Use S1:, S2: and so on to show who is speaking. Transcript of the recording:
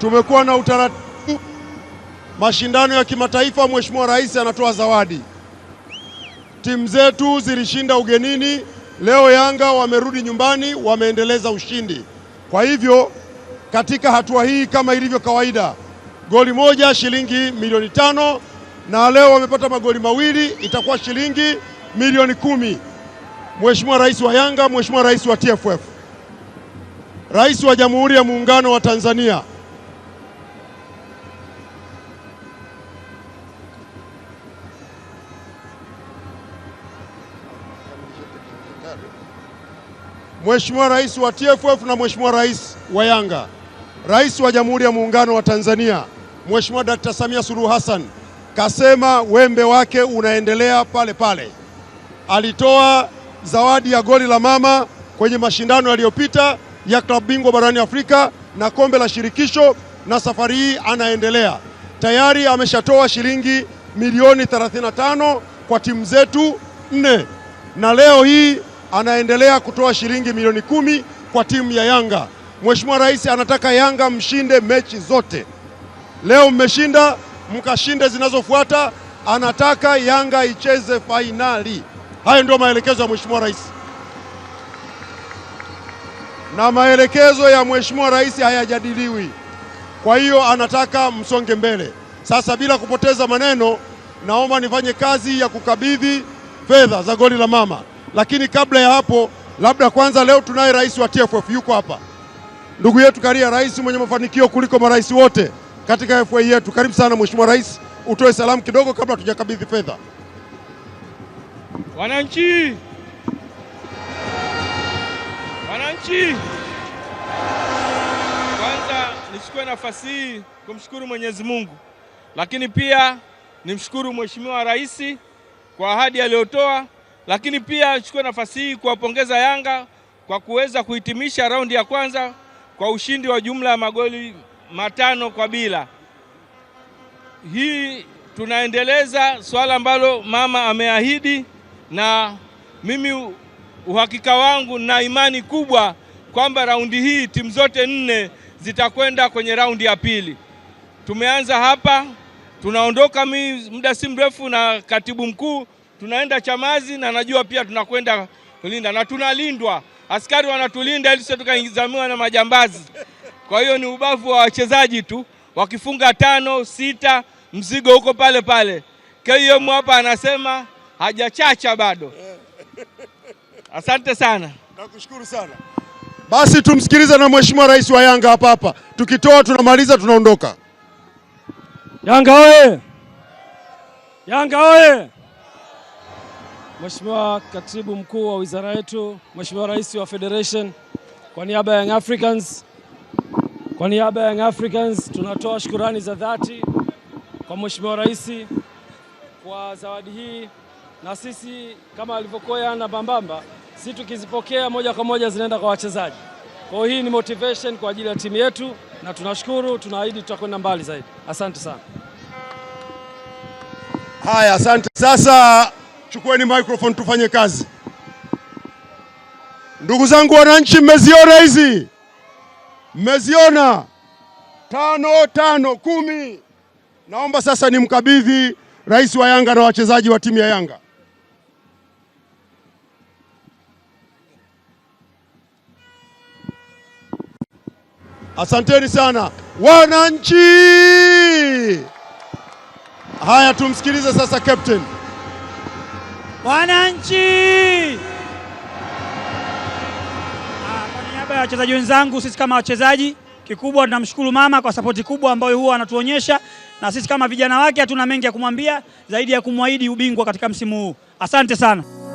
S1: Tumekuwa na utaratibu, mashindano ya kimataifa, Mheshimiwa Rais anatoa zawadi. Timu zetu zilishinda ugenini, leo Yanga wamerudi nyumbani, wameendeleza ushindi. Kwa hivyo katika hatua hii kama ilivyo kawaida, goli moja shilingi milioni tano na leo wamepata magoli mawili, itakuwa shilingi milioni kumi. Mheshimiwa Rais wa Yanga, Mheshimiwa Rais wa TFF, Rais wa Jamhuri ya Muungano wa Tanzania Mheshimiwa Rais wa TFF na Mheshimiwa Rais wa Yanga, Rais wa Jamhuri ya Muungano wa Tanzania Mheshimiwa Dkt. Samia Suluhu Hassan kasema wembe wake unaendelea pale pale. Alitoa zawadi ya goli la mama kwenye mashindano yaliyopita ya klabu bingwa barani Afrika na kombe la shirikisho, na safari hii anaendelea. Tayari ameshatoa shilingi milioni 35 kwa timu zetu nne, na leo hii anaendelea kutoa shilingi milioni kumi kwa timu ya Yanga. Mheshimiwa Rais anataka Yanga mshinde mechi zote. Leo mmeshinda, mkashinde zinazofuata. Anataka Yanga icheze fainali. Hayo ndio maelekezo ya Mheshimiwa Rais, na maelekezo ya Mheshimiwa Rais hayajadiliwi. Kwa hiyo anataka msonge mbele. Sasa bila kupoteza maneno, naomba nifanye kazi ya kukabidhi fedha za goli la mama. Lakini kabla ya hapo, labda kwanza, leo tunaye rais wa TFF yuko hapa, ndugu yetu Karia, rais mwenye mafanikio kuliko marais wote katika FA yetu. Karibu sana mheshimiwa rais, utoe salamu kidogo kabla hatujakabidhi fedha.
S2: Wananchi, wananchi, kwanza nichukue nafasi hii kumshukuru Mwenyezi Mungu, lakini pia nimshukuru mheshimiwa rais kwa ahadi aliyotoa lakini pia nichukue nafasi hii kuwapongeza Yanga kwa kuweza kuhitimisha raundi ya kwanza kwa ushindi wa jumla ya magoli matano kwa bila. Hii tunaendeleza swala ambalo mama ameahidi, na mimi uhakika wangu na imani kubwa kwamba raundi hii timu zote nne zitakwenda kwenye raundi ya pili. Tumeanza hapa, tunaondoka muda si mrefu na katibu mkuu tunaenda Chamazi na najua pia tunakwenda kulinda na tunalindwa, askari wanatulinda ili sio tukaingizamiwa na majambazi. Kwa hiyo ni ubavu wa wachezaji tu, wakifunga tano sita, mzigo huko pale pale. KM hapa anasema hajachacha bado. Asante sana,
S3: nakushukuru sana.
S1: Basi tumsikilize na mheshimiwa rais wa Yanga hapa hapa, tukitoa tunamaliza, tunaondoka.
S2: Yanga oye! Yanga oye! Mheshimiwa Katibu Mkuu wa wizara yetu, Mheshimiwa Rais wa Federation, kwa niaba ya Young Africans, kwa niaba ya Young Africans tunatoa shukurani za dhati kwa Mheshimiwa Rais kwa zawadi hii, na sisi kama alivyokuwa na Bambamba, sisi tukizipokea moja kwa moja zinaenda kwa wachezaji. Kwa hiyo hii ni motivation kwa ajili ya timu yetu, na tunashukuru, tunaahidi tutakwenda mbali zaidi. Asante sana.
S1: Haya, asante sasa Chukueni microphone tufanye kazi. Ndugu zangu wananchi, mmeziona hizi, mmeziona tano tano kumi. Naomba sasa nimkabidhi rais wa Yanga na wachezaji wa timu ya Yanga. Asanteni sana wananchi. Haya, tumsikilize sasa captain.
S2: Wananchi, ah, kwa niaba ya wachezaji wenzangu, sisi kama wachezaji, kikubwa tunamshukuru mama kwa sapoti kubwa ambayo huwa anatuonyesha, na sisi kama vijana wake hatuna mengi ya kumwambia zaidi ya kumwahidi ubingwa katika msimu huu. Asante sana.